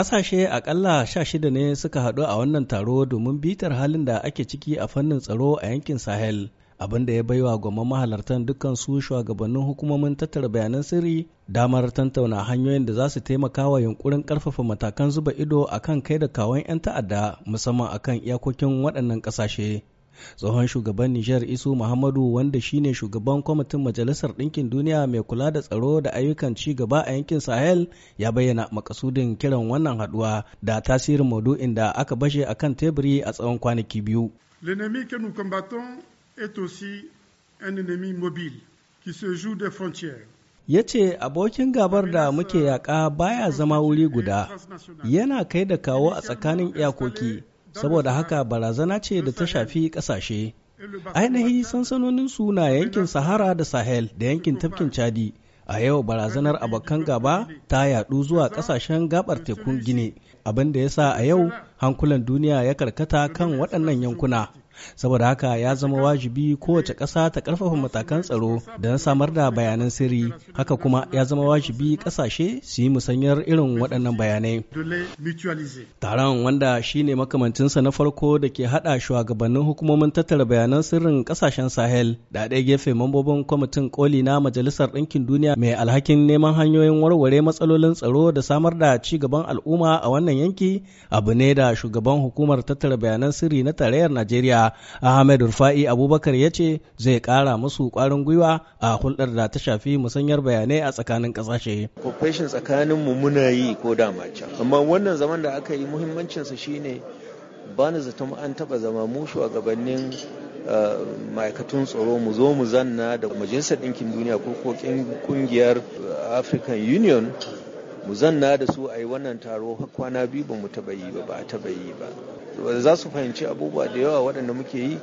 Ƙasashe akalla sha shida ne suka haɗu a wannan taro domin bitar halin da ake ciki a fannin tsaro a yankin Sahel, abin da ya baiwa gwamnan mahalartan dukkan su shugabannin hukumomin tattara bayanan sirri damar tantauna hanyoyin da za su taimaka wa yunkurin ƙarfafa matakan zuba ido akan kai da kawon 'yan ta'adda musamman akan iyakokin waɗannan ƙasashe. tsohon shugaban Nijar Isu Muhammadu wanda shine shugaban kwamitin Majalisar Ɗinkin Duniya mai kula da tsaro da ayyukan ci gaba a yankin Sahel ya bayyana makasudin kiran wannan haduwa da tasirin maudu'in da aka bashe a kan teburi a tsawon kwanaki biyu. ya ce abokin gabar da muke yaƙa baya zama wuri guda yana kai da kawo a tsakanin iyakoki saboda haka barazana ce da ta shafi ƙasashe. Ainihi sansanonin suna yankin Sahara da Sahel da yankin tafkin Chadi. a yau barazanar abokan gaba ta yadu zuwa kasashen gabar tekun gine abin da ya sa a yau hankulan duniya ya karkata kan waɗannan yankuna saboda haka ya zama wajibi kowace ƙasa ta ƙarfafa matakan tsaro don samar da bayanan sirri haka kuma ya zama wajibi ƙasashe su yi musanyar irin waɗannan bayanai taron wanda shine makamancinsa na farko da ke haɗa shugabannin hukumomin tattara bayanan sirrin ƙasashen sahel da ɗaya gefe mambobin kwamitin koli na majalisar ɗinkin duniya mai alhakin neman hanyoyin warware matsalolin tsaro da samar da ci gaban al'umma a wannan yanki abu ne da shugaban hukumar tattara bayanan sirri na tarayyar najeriya Ahmed Rufai Abubakar ya ce zai kara musu ƙwarin gwiwa a hulɗar da ta shafi musanyar bayanai a tsakanin ƙasashe. Cooperation tsakanin mu muna yi ko da mace. Amma wannan zaman da aka yi muhimmancinsa shine ba ni zata an taɓa zama mu shugabannin eh, ma'aikatun tsaro mu zo mu zanna da majalisar ɗinkin duniya ko ƙungiyar african union mu zanna da su a yi wannan taro kwana biyu ba mu taɓa yi ba ba a taɓa yi ba za su fahimci abubuwa da yawa waɗanda muke yi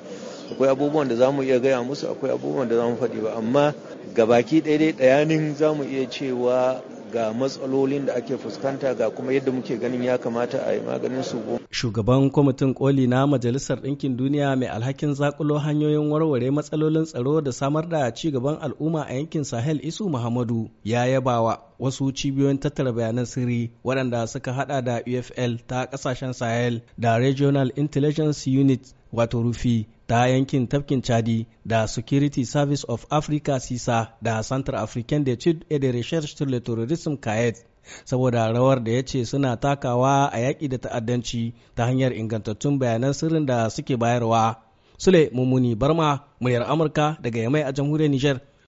akwai abubuwan da za mu iya gaya musu akwai abubuwan da za mu faɗi ba amma gabaki ɗaya ɗayanin za mu iya cewa ga matsalolin da ake fuskanta ga kuma yadda muke ganin ya kamata a yi maganin su shugaban kwamitin koli na majalisar ɗinkin duniya mai alhakin zakulo hanyoyin warware matsalolin tsaro da samar da ci gaban al'umma a yankin sahel isu muhammadu ya yabawa wasu cibiyoyin tattara bayanan sirri waɗanda suka hada da ufl ta ƙasashen sahel da regional intelligence unit wato rufi ta yankin tafkin chadi da security service of africa sisa da central african de chid et de recherche sur le terrorism kayet saboda rawar da ya ce suna takawa a yaƙi da ta'addanci ta hanyar ingantattun bayanan sirrin da suke bayarwa sule mummuni barma muryar amurka daga yamai a jamhuriyar niger